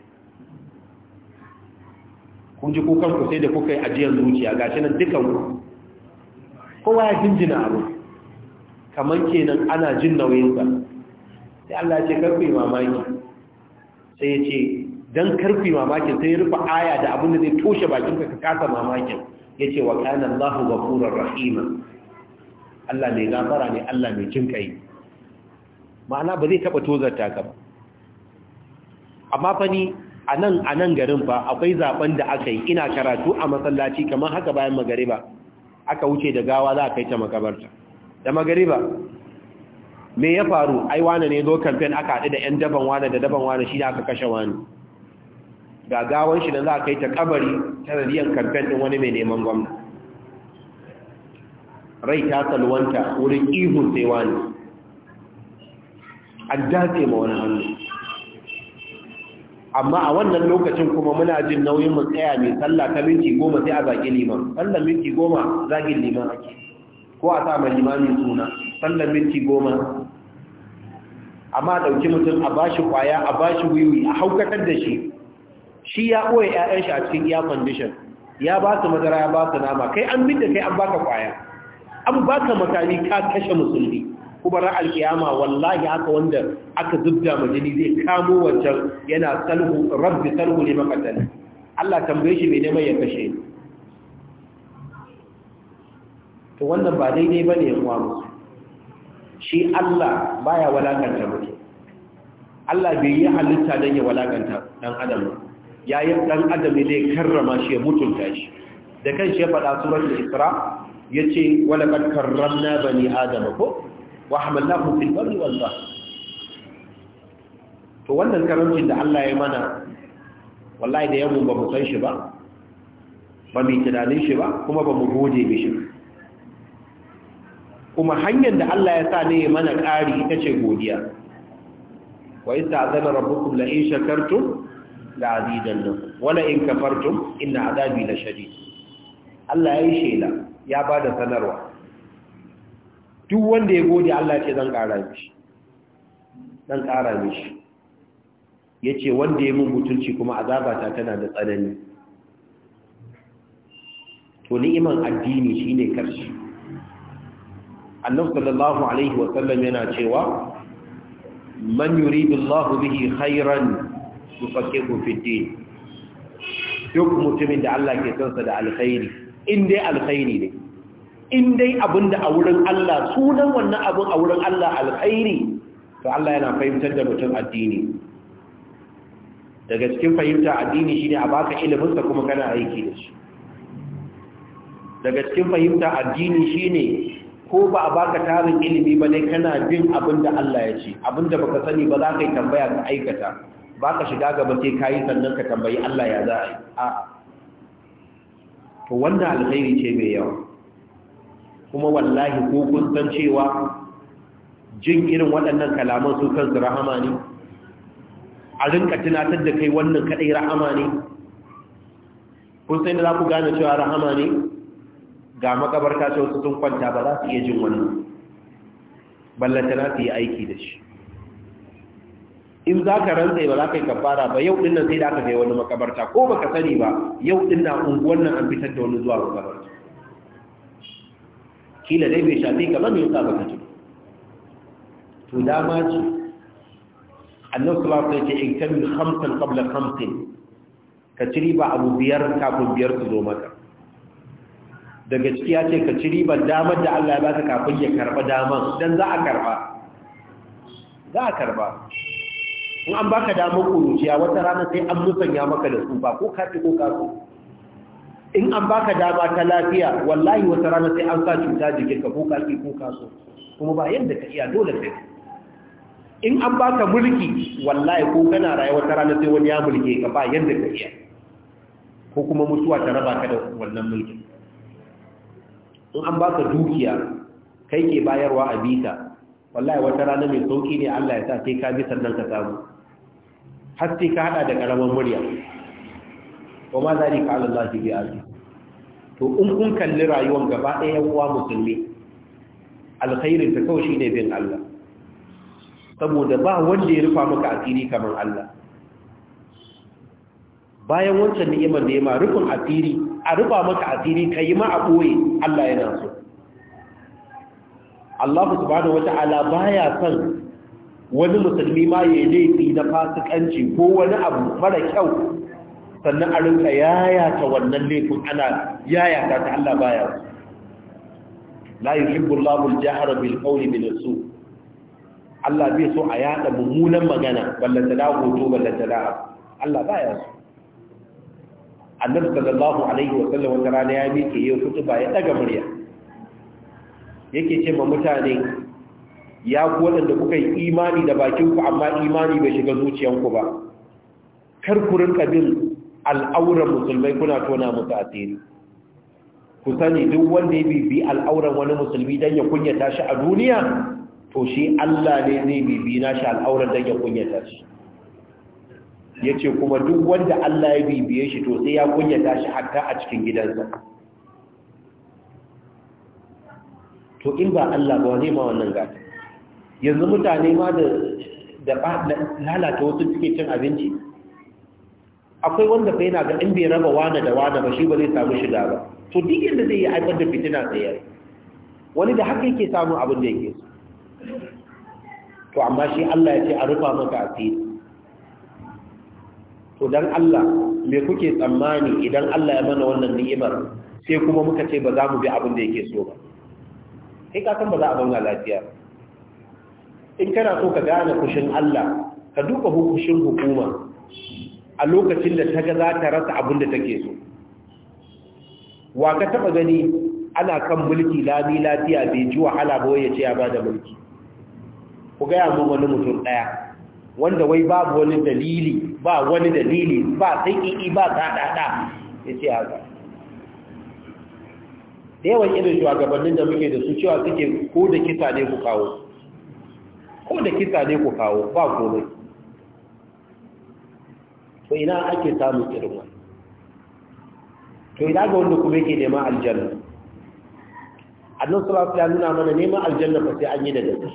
kun ji kukan ku sai da kuka yi ajiyar zuciya gashi nan dukan kowa ya jinjina abu kamar kenan ana jin nauyinsa sai Allah ya ce karfi mamaki sai ya ce don karfi mamakin sai ya rufe aya da abin da zai toshe bakin ka kasa mamakin ya ce wa kana zahu ghafurur rahima Allah mai gafara ne Allah mai jin kai ma'ana ba zai taɓa tozarta ka ba amma fani a nan anan garin fa akwai zaben da aka yi ina karatu a masallaci kamar haka bayan magariba aka wuce da gawa za a kai ta makabarta da magariba me ya faru ai wane ne zo kamfen aka haɗu da 'yan daban wane da daban wane shi ne aka kashe wani gawan shi da za a kai ta kabari ta radiyan kamfen ɗin wani mai neman gwamna rai ta salwanta wurin ihun sai wani an dace ma wani hannu amma a wannan lokacin kuma muna jin nauyin mu tsaya mai sallah ta minti goma sai a zaƙi liman sallah minti goma zagin liman ake ko a sa mai limamin suna sallar minti goma amma ɗauki mutum a bashi kwaya a shi wiwi a haukatar da shi shi ya ɓoye 'ya'yan shi a cikin air condition ya ba su madara ya ba su nama kai an bin da kai an baka kwaya an baka makami ka kashe musulmi kubarar alkiyama wallahi haka wanda aka zubda majini zai kamo wancan yana salhu rabbi salhu ne makatal Allah tambaye shi mai neman ya kashe to wannan ba daidai bane ya kuma musu shi Allah baya walakanta mutum Allah bai yi halitta don ya walakanta ɗan adam ya yi ɗan adam ne karrama shi ya mutunta shi da kan shi ya faɗa suratul isra wani wala kad karramna bani adam ko wa hamalnahum fil barri wal bahr to wannan karamcin da Allah ya mana wallahi da yamu ba mu san shi ba ba mai tunanin shi ba kuma ba mu gode mishi kuma hanyar da Allah ya sa ne mana ƙari ita ce godiya wa isa azana rabbukum la in shakartum la azidannakum wa la in kafartum inna azabi la shadid Allah ya yi shela ya ba da sanarwa duk wanda ya gode Allah ya ce zan ƙara mishi zan ƙara mishi yace wanda ya mun mutunci kuma azabata tana da tsanani to ni'iman addini shine karshe annabi sallallahu alaihi wa sallam yana cewa man yuridu Allah bihi khairan yufaqihu fi din duk mutumin da Allah ke son sa da alkhairi in dai alkhairi ne in dai abinda a wurin Allah sunan wannan abin a wurin Allah alkhairi to Allah yana fahimtar da mutum addini daga cikin fahimta addini shine a baka ilimin sa kuma kana aiki da shi daga cikin fahimta addini shine ko ba a baka tarin ilimi ba dai kana bin abin da Allah ya ce abin da baka sani ba za ka yi tambaya ka aikata ba ka shiga gaba sai ka yi sannan ka tambayi Allah ya za a yi a to wannan alkhairi ce mai yawa kuma wallahi ko kun san cewa jin irin waɗannan kalaman su kansu rahama ne a rinka tunatar da kai wannan kaɗai rahama ne kun sai da za ku gane cewa rahama ne ga makabarta sai wasu sun kwanta ba za su iya jin wannan ballanta na su yi aiki da shi in za ka rantsa ba za ka yi kafara ba yau dinnan sai da aka kai wani makabarta ko baka sani ba yau dinnan unguwan nan an fitar da wani zuwa makabarta kila dai bai shafi ka ba me yasa ka ji to dama ce annabi sallallahu alaihi wasallam ya ce in kan khamsan qabla khamsin ka ciri ba abu biyar kafin biyar su zo maka daga ciki ya ce ka ci ribar damar da Allah ya baka kafin ya karba damar dan za a karba za a karba in an baka damar kuruciya wata rana sai an musanya maka da su ba ko kafi ko kaso in an baka dama ta lafiya wallahi wata rana sai an sa cuta jikin ka ko kafi ko kaso kuma ba yadda ka iya dole sai in an baka mulki wallahi ko kana raye wata rana sai wani ya mulke ka ba yadda ka iya ko kuma mutuwa ta raba ka da wannan mulkin in an ba ka dukiya kai ke bayarwa a bita wallahi wata rana mai sauki ne Allah ya sa sai ka bi sannan ka samu har ka hada da karaman murya wa ma zari ka Allah bi aziz to in kun kalli rayuwar gaba ɗaya uwa musulmi alkhairin ta kawai shine bin Allah saboda ba wanda ya rufa maka asiri kamar Allah bayan wancan ni'imar da ya ma rufin asiri a rufa maka asiri ka yi ma a ɓoye Allah yana so Allah wata ala ba ya san wani musulmi ma ya yi laifi na fasikanci ko wani abu mara kyau sannan a rinka yayata wannan laifin ana yayata ta Allah baya la yuhibbu Allahu al-jahra bil qawli bil su Allah bai so a yada mummunan magana ballanta da hoto ballanta da Allah ya so annabi sallallahu alaihi wa sallam wata rana ya miƙe yau kutuba ya daga murya yake ce ma mutane ya ku waɗanda kuka yi imani da bakin ku amma imani bai shiga zuciyanku ba kar ku rinka bin al'auran musulmai kuna tona musu asiri ku sani duk wanda ya bibi al'auran wani musulmi don ya kunyata shi a duniya to shi Allah ne zai bibi na shi al'auran don ya kunyata shi ya ce kuma duk wanda Allah ya bibiye shi to sai ya kunyata shi hatta a cikin gidansa to in ba Allah ba zai ma wannan gata yanzu mutane ma da da lalata wasu suke cin abinci akwai wanda bai yana ga in bai raba wani da wani ba shi ba zai samu shiga ba to duk yadda zai yi haifar da fitina tsaye wani da haka yake samun abin da yake so to amma shi Allah ya ce a rufa maka asiri to dan Allah me kuke tsammani idan Allah ya mana wannan ni'imar sai kuma muka ce ba za mu bi abin da yake so ba kai ka san ba za a zauna lafiya in kana so ka gane kushin Allah ka duka hukushin hukuma a lokacin da ta ga za ta rasa abin da take so wa ka taba gani ana kan mulki labi lafiya bai ji wahala ba ya ce ya bada mulki ku gaya mu wani mutum ɗaya wanda wai babu wani dalili ba wani dalili ba saƙi'i ba kaɗaɗa ya ce haka da yawan irin shugabannin da muke da su cewa suke ko da kisa ne ku kawo ko da kisa ne ku kawo ba komai to ina ake samun irin wani to ina ga wanda kuma yake neman aljanna annan salatu ya nuna mana neman aljanna fa sai an yi da gaske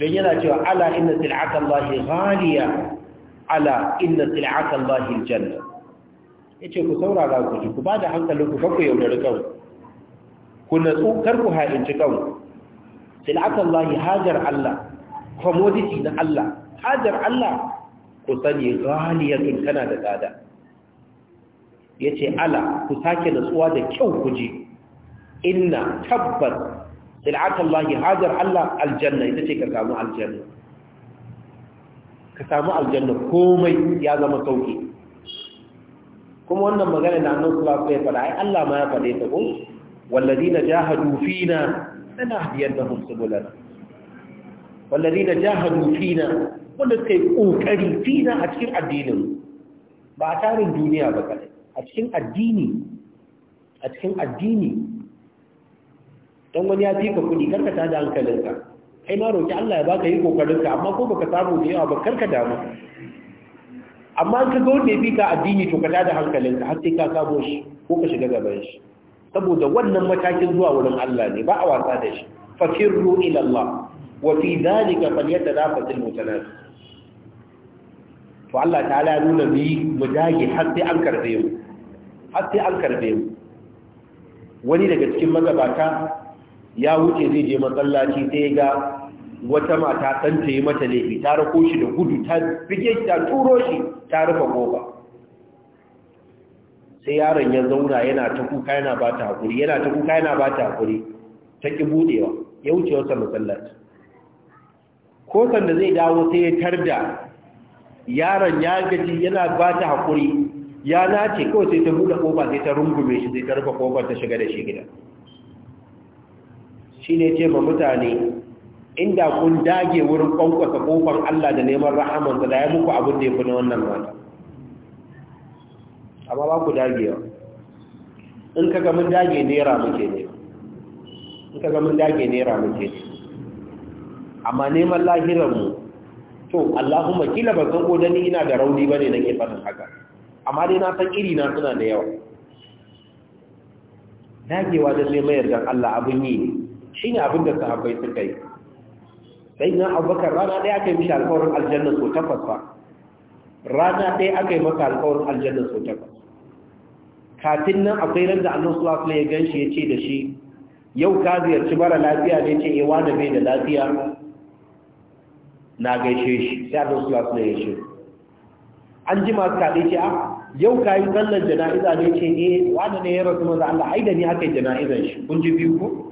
don yana cewa ala inna sil'ata allahi ghaliya ala inna sil'atan lahil janna yace ku saurara ku ji ku bada hankalin ku kanku yaudare kanku ku natsu kar ku ha'inci kanku sil'atan lahi hajar Allah commodity na Allah hajar Allah ku sani ghaliyatun kana da tsada yace ala ku sake natsuwa da kyau ku ji inna tabbas sil'atan lahi hajar Allah aljanna ita ce ka samu aljanna ka samu aljanna komai ya zama sauki kuma wannan magana na annabi sallallahu alaihi wasallam ai Allah ma ya faɗe ta ko walladina jahadu fina lanahdiyannahum subulana walladina jahadu fina wanda suka yi kokari fina a cikin addinin ba a tarin duniya ba kadai a cikin addini a cikin addini don wani ya fi ka kuɗi karkata da hankalinka kai ma roƙi Allah ya baka yi kokarin amma ko baka samu da yawa ba karka damu amma ka ga wanda ya fi ka addini to ka tada hankalinka har sai ka samu shi ko ka shiga gaban shi saboda wannan matakin zuwa wurin Allah ne ba a wasa da shi fakirru ila Allah wa fi dhalika falyatanafasul mutanafis to Allah ta'ala nuna mu yi mu dage har sai an karbe mu har sai an karbe mu wani daga cikin magabata ya wuce zai je masallaci sai ga wata mata san ta yi mata laifi ta rako shi da gudu ta fige ta turo shi ta rufe goba sai yaron ya zauna yana ta kuka yana ba ta hakuri yana ta kuka yana ba ta hakuri ta ki budewa ya wuce wata matsalaci ko sanda zai dawo sai ya tarda yaron ya gaji yana ba ta hakuri ya nace kawai sai ta buɗe ƙofa, sai ta rungume shi sai ta rufe ƙofar ta shiga da shi gida Shi ne ce ma mutane inda kun dage wurin kwankwasa kofar Allah da neman rahamansa da ya muku abin da ya fi na wannan mata amma ba ku dagewa in ka gamin dage nera muke ne in ka gamin dage nera muke ne amma neman lahirarmu to Allahumma kila ba san kodani ina da rauni ba ne na ke fadin haka amma dai na san iri na suna da yawa dagewa da neman mayar da Allah abin yi ne Shi ne abin da sahabbai suka yi sai na abubakar rana ɗaya aka yi mishi alkawarin aljanna so takwas ba rana ɗaya aka yi maka alkawarin aljanna so takwas kafin nan akwai ran da annan sulafin ya gan shi ya ce da shi yau ka ziyarci mara lafiya ne ce ewa eh, da bai da lafiya na gaishe shi sai annan sulafin ya shi an ji masu kaɗe ce a ah, yau ka yi sallar jana'iza ne ce ne eh, wani ne ya rasu maza Allah ai da ni aka yi jana'izan shi kun ji biyu ko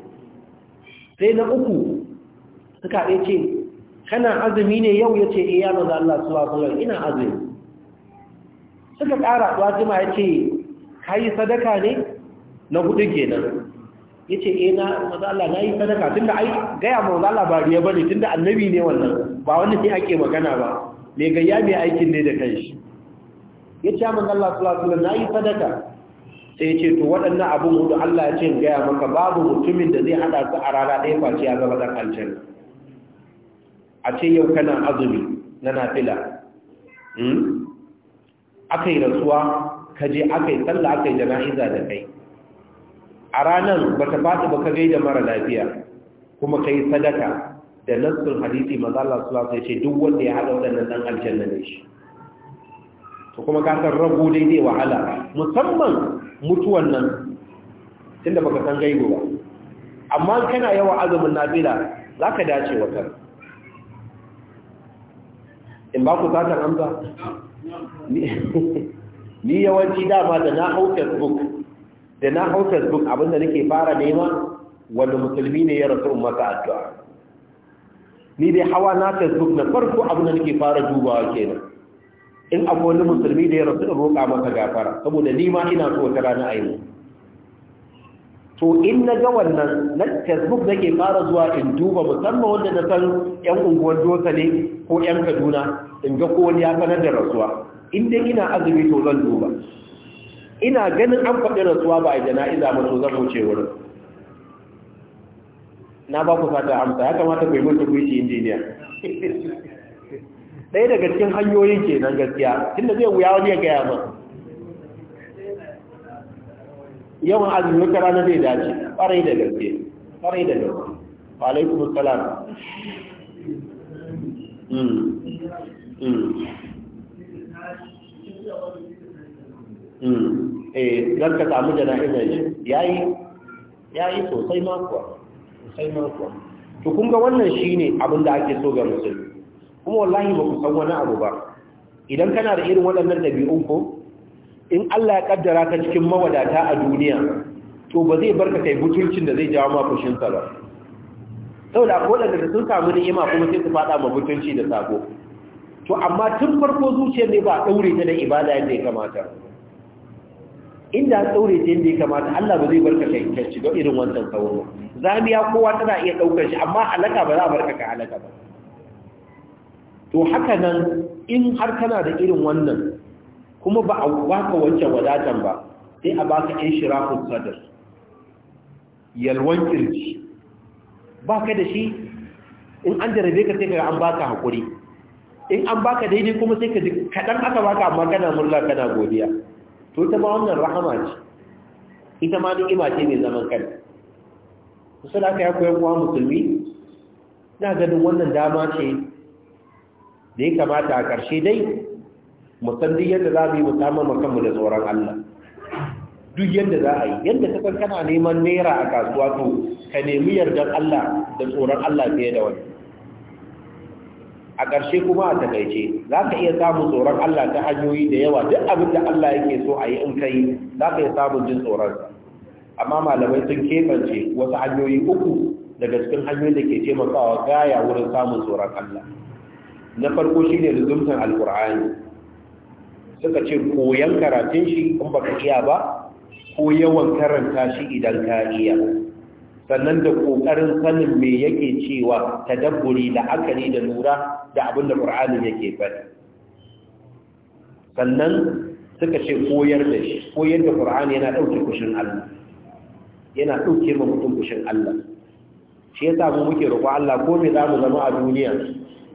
sai na uku suka ɗai ce kana azumi ne yau ya ce iya eh, maza Allah suwa suwa ina azumi suka ƙara jima ya ce ka yi sadaka ne na hudu kenan ya ce eh na maza Allah na yi sadaka tun da gaya maza Allah ba riya ba ne tun da annabi ne wannan ba wani sai ake magana ba mai gayya mai aikin ne da kanshi ya ce maza Allah suwa suwa na yi sadaka sai ce to waɗannan abin hudu Allah ya ce in gaya maka babu mutumin da zai hada su a rana ɗaya face ya zama ɗan aljanna a ce yau kana azumi na nafila hmm? aka yi rasuwa ka je aka sallah aka jana'iza da kai a ranan ba ta faɗi ba ka gaida mara lafiya kuma ka yi sadaka da nassul hadisi alaihi wasallam ya ce duk wanda ya haɗa waɗannan ɗan aljanna ne shi kuma ka san rabu daidai wahala musamman mutuwan nan tunda baka san gaibo ba amma kana yawan azumin nafila zaka dace wata in ba ku satan amsa ni yawanci dama da na hau facebook da na hau facebook abinda nake fara nema wanda musulmi ne ya rasu masa addu'a ni dai hawa na facebook na farko abinda nake fara dubawa kenan in akwai wani musulmi da ya rasu in roƙa masa gafara saboda ni ma ina so wata rana a to in na ga wannan na facebook nake fara zuwa in duba musamman wanda na san yan unguwar dosa ne ko yan kaduna in ga ko wani ya sanar da rasuwa in dai ina azumi to zan duba ina ganin an faɗi rasuwa ba a jana'iza ba to zan wuce wurin na ba ku fata amsa ya kamata ku yi mutu ku yi injiniya ɗaya daga cikin hanyoyi ke nan gaskiya da zai wuya wani ya gaya ma yawan azumi wata rana zai dace ƙwarai da gaske ƙwarai da gaske wa kuma salam hmm. hmm. hmm. eh zan ka samu jana'izar shi Ya yi sosai makuwa sosai makuwa tukunga to kun ga wannan shi abin da ake so ga musulmi kuma wallahi ba ku san wani abu ba idan kana da irin waɗannan ɗabi'un ko in Allah ya kaddara ka cikin mawadata a duniya to ba zai barka kai butulcin da zai jawo ma fushin sa ba saboda ko da sun samu ni'ima kuma sai su fada ma butulci da sako to amma tun farko zuciyar ne ba daure ta da ibada yadda ya kamata inda daure ta yadda ya kamata Allah ba zai barka kai ka shiga irin wannan sauro zamiya kowa tana iya daukar shi amma alaka ba za a barka kai halaka ba to haka nan in har kana da irin wannan kuma ba a baka wancan wadatan ba sai a baka in shirafin sadar yalwan kirji baka da shi in an jarabe ka sai ka an baka hakuri in an baka daidai kuma sai ka ji kaɗan aka baka amma kana murna kana godiya to ita ma wannan rahama ce ita ma ima ce mai zaman kanta musul aka ya koyan uwa musulmi na ganin wannan dama ce da ya kamata a ƙarshe dai musamman yadda za mu yi musamman makamu da tsoron Allah duk yadda za a yi yadda ta kankana neman naira a kasuwa to ka nemi yardar Allah da tsoron Allah fiye da wani a ƙarshe kuma a takaice za ka iya samun tsoron Allah ta hanyoyi da yawa duk abin da Allah yake so a yi in kai za ka iya samun jin tsoron amma malamai sun keɓance wasu hanyoyi uku daga cikin hanyoyin da ke taimakawa gaya wurin samun tsoron Allah na farko shi ne luzumtar alkur'ani suka ce koyon karatun shi in baka iya ba ko yawan karanta shi idan ka iya sannan da ƙoƙarin sanin me yake cewa ta dabburi da akali da lura da abin da ƙur'ani yake faɗi sannan suka ce koyar da shi koyar da ƙur'ani yana ɗauke kushin Allah yana ɗauke ma mutum kushin Allah shi ya samu muke roƙo Allah ko me za mu zama a duniya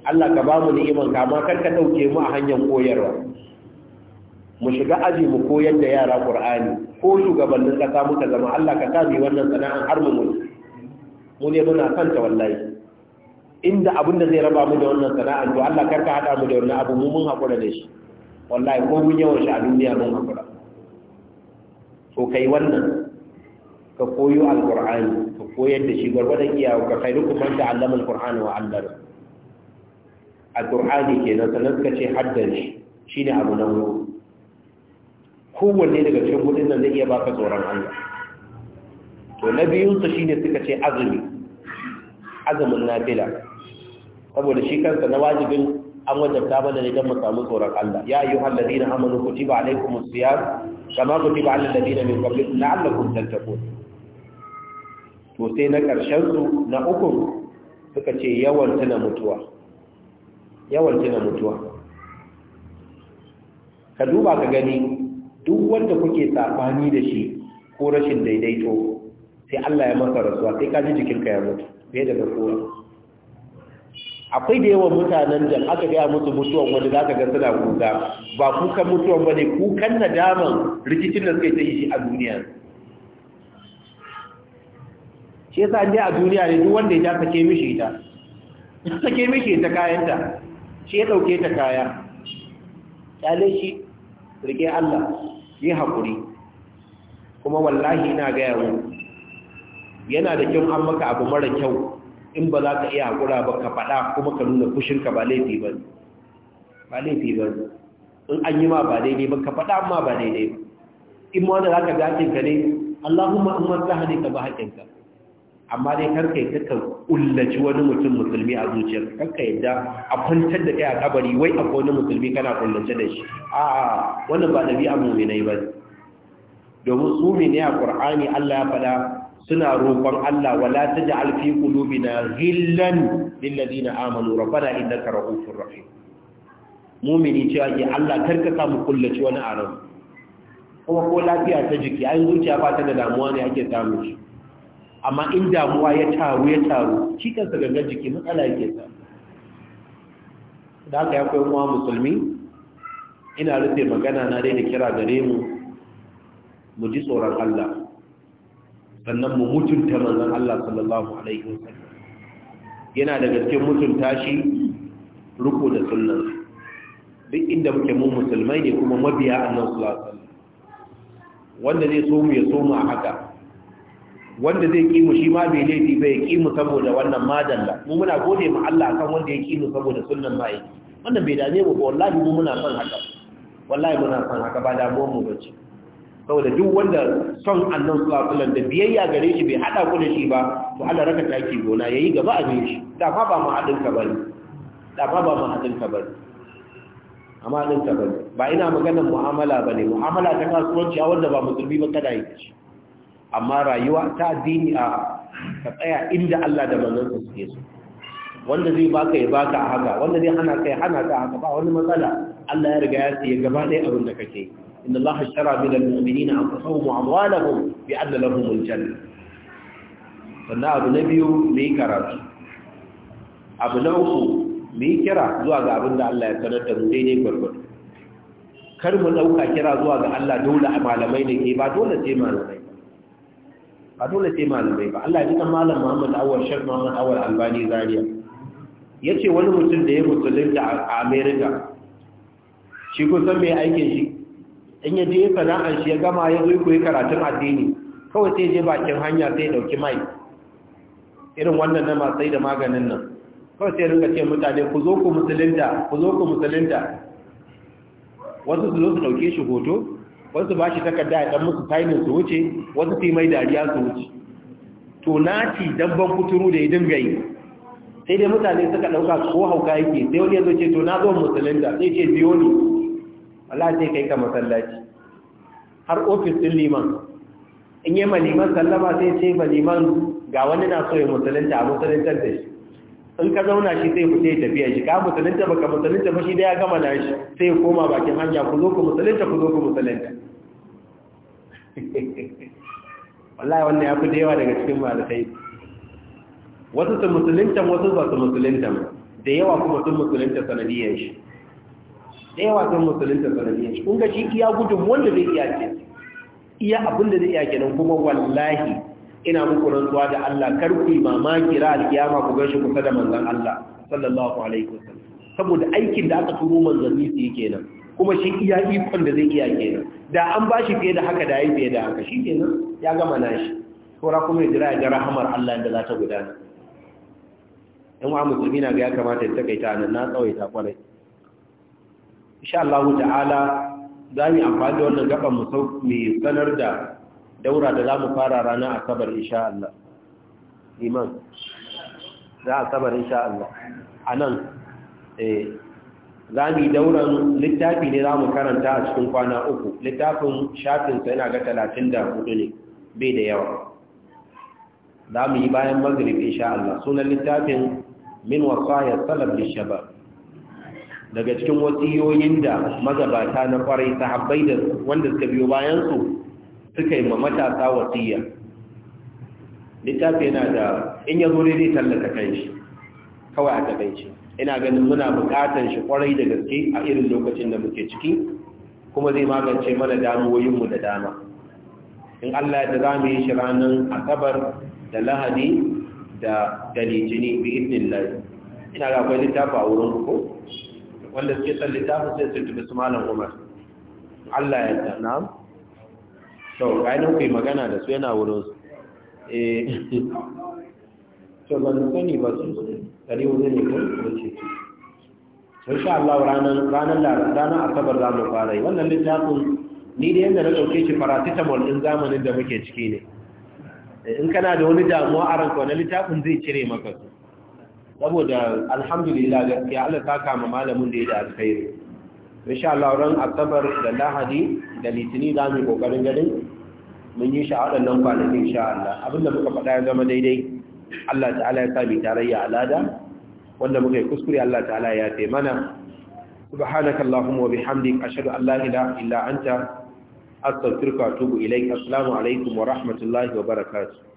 Allah ka ba mu ni'iman ka amma kar ka dauke mu a hanyar koyarwa mu shiga aji mu koyar da yara Qur'ani ko shugabannin kasa muka zama Allah ka tabi wannan sana'an har mu mutu mu ne muna ta wallahi inda abin da zai raba mu da wannan sana'an to Allah kar ka hada mu da wannan abu mu mun hakura da shi wallahi ko mun yawan shi a duniya mun hakura to kai wannan ka koyo alqur'ani ka koyar da shi gwargwadon iyawa ka khairukum man ta'allama alqur'ani wa 'allama a ƙur'ani kenan sannan suka ce haddan shi shine abu nan hudu kowanne daga cikin hudun nan zai iya baka tsoron Allah to na biyunsa su shine suka ce azumi azumin nafila saboda shi kansa na wajibin an wajabta mana ne don mu samu tsoron Allah ya ayyuhal ladina amanu kutiba alaykumus siyam kama kutiba alal ladina min qablikum la'allakum tattaqun to sai na ƙarshen su na uku suka ce yawan tana mutuwa yawan tuna mutuwa ka duba ka gani duk wanda kuke tsafani da shi ko rashin daidaito sai Allah ya masa rasuwa sai ka ji jikinka ya mutu fiye da rasuwa akwai da yawan mutanen da aka gaya musu mutuwan wanda za ka ga suna kuka ba kukan mutuwan ba ne kukan nadaman rikicin da suka yi ta shi a duniya shi yasa an a duniya ne duk wanda ya ja sake mishi ita sake mishi kayanta shi ya ɗauke ta kaya ƙyale shi rike Allah yi haƙuri kuma wallahi na gaya mu yana da kyau an maka abu mara kyau in ba za ka iya haƙura ba ka faɗa kuma ka nuna fushinka ba laifi ba ba laifi ba in an yi ma ba daidai ba ka faɗa ma ba daidai ba in ma za ka gashinka ne Allahumma in maslaha ne ka ba haƙinka amma dai karka yi kakka kullaci wani mutum musulmi a zuciyar karka yadda a kwantar da kai a kabari wai a wani musulmi kana kullace da shi a wannan ba a muminai ba domin su ne a ƙur'ani Allah ya faɗa suna roƙon Allah wala taj'al fi na ghillan lil ladina amanu rabbana innaka ra'ufur rahim mumini cewa ke Allah karka sa mu kullaci wani a ran kuma ko lafiya ta jiki ai zuciya ba ta da damuwa ne ake samu shi amma in damuwa ya taru ya taru shi kansa gangan jiki matsala yake sa da haka ya koyi kuma musulmi ina rufe magana na dai da kira gare mu mu ji tsoron Allah sannan mu mutunta manzon Allah sallallahu alaihi wasallam yana da gaske mutunta shi ruku da sunnah duk inda muke mu musulmai ne kuma mabiya annabi sallallahu alaihi wasallam wanda zai so mu ya so mu a haka wanda zai ƙi mu shi ma bai laifi ba ya ƙi mu saboda wannan madalla mu muna gode ma Allah akan wanda ya ƙi mu saboda sunnan mai wannan bai dame mu ba wallahi mu muna son haka wallahi muna son haka ba damuwar mu bace saboda duk wanda son annan sulasulan da biyayya gare shi bai hada ku da shi ba to Allah raka taki gona yayi gaba a bin shi da ma ba mu haɗin ka bari. da ma ba mu haɗin ka bari. amma din ka bari. ba ina maganar mu'amala bane mu'amala ta kasuwanci a wanda ba musulmi ba kada yi amma rayuwa ta addini a ka tsaya inda Allah da manzansa suke so wanda zai baka ya baka a haka wanda zai hana kai hana ka haka ba wani matsala Allah ya riga ya siya gaba ɗaya abin da kake inna Allah shara min al-mu'minina anfusahum wa amwalahum bi anna lahum al-janna sannan abu na biyu mu yi karatu abu na uku mu yi kira zuwa ga abin da Allah ya sanar da mu daidai gwargwado kar mu ɗauka kira zuwa ga Allah dole a malamai ne ke ba dole sai malamai a dole sai malamai ba Allah ya kan malam Muhammad Awwal Sheikh Muhammad Awwal Albani Zaria yace wani mutum da ya musulunta a America shi san me aikin shi in ya je sana'ar shi ya gama ya zo koyi karatun addini kawai sai je bakin hanya sai dauki mai irin wannan na sai da maganin nan kawai sai rinka ce mutane ku zo ku musulunta ku zo ku musulunta wasu su zo su dauke shi hoto wasu ba shi takarda ya ɗan musu tainin su wuce wasu fi mai dariya su wuce to naci dabban kuturu da ya dinga yi sai dai mutane suka ɗauka ko hauka yake sai wani ya ce to na zo da sai ce biyo ne Allah sai kai ka masallaci har ofis ɗin liman in yi maliman sallama sai ce maliman ga wani na so ya musulunta a musulun da shi in ka zauna shi sai ku sai tafiya shi ka musulunta baka musulunta ba shi da ya gama da shi sai koma bakin hanya ku zo ku musulunta ku zo ku musulunta wallahi wannan ya fi da yawa daga cikin malakai wasu su musulunta wasu ba su musulunta da yawa kuma sun musulunta sanadiyar shi da yawa sun musulunta sanadiyar shi kun ga shi iya gudun wanda zai iya ce iya abin da zai iya kenan kuma wallahi ina muku rantsuwa da Allah kar ku yi mamaki ra alkiyama ku gaishe kusa da manzon Allah sallallahu alaihi wasallam saboda aikin da aka turo manzanni su yake kenan kuma shi iya ikon da zai iya kenan da an ba shi fiye da haka da ya fiye da haka shi kenan ya gama nashi saura kuma ya jira ga rahamar Allah da za ta gudana in wa musulmi ga ya kamata ya takaita nan na tsawaita kwarai insha Allah ta'ala za mu amfani da wannan gaban mu mai sanar da daura da za mu fara rana a kabar insha Allah iman za a kabar insha Allah a nan eh, za mu yi dauran littafi ne za mu karanta a cikin kwana uku littafin shafinsa yana ga talatin da hudu ne bai da yawa za mu yi bayan magrib insha Allah sunan littafin min wasaya da lishabab daga cikin wasiyoyin da magabata na kwarai sahabbai da wanda suka biyo bayan su suka yi ma matasa wasiya littafi yana da in ya zo zai tallata kan shi kawai a shi ina ganin muna buƙatar shi kwarai da gaske a irin lokacin da muke ciki kuma zai magance mana damuwoyinmu da dama in Allah ya za mu yi shi ranar asabar da lahadi da da litini bi lai ina ga akwai littafi a wurin ko wanda suke tsallita littafin sai su tafi su malam umar Allah ya ta na'am to ainihin ku magana da su yana wurin su eh to ban sani ba su dari wurin ne ko ko to insha Allah ranar da ranar asabar za mu fara yi wannan littafin ni da yanda na dauke shi paracetamol din zamanin da muke ciki ne eh, in kana da wani damuwa a ranka wani littafin zai cire maka su saboda alhamdulillah gaskiya Allah ta kama malamin da ya da alkhairi insha Allah ran asabar da lahadi da litini da mu kokarin ganin mun yi sha waɗannan kwanakin insha Allah abinda muka faɗa ya zama daidai Allah ta'ala ya sami tarayya alada wanda muka yi kuskure Allah ta'ala ya ce mana subhanaka allahumma wa bihamdik ashhadu an la ilaha illa anta astaghfiruka wa atubu ilaik assalamu alaikum wa rahmatullahi wa barakatuh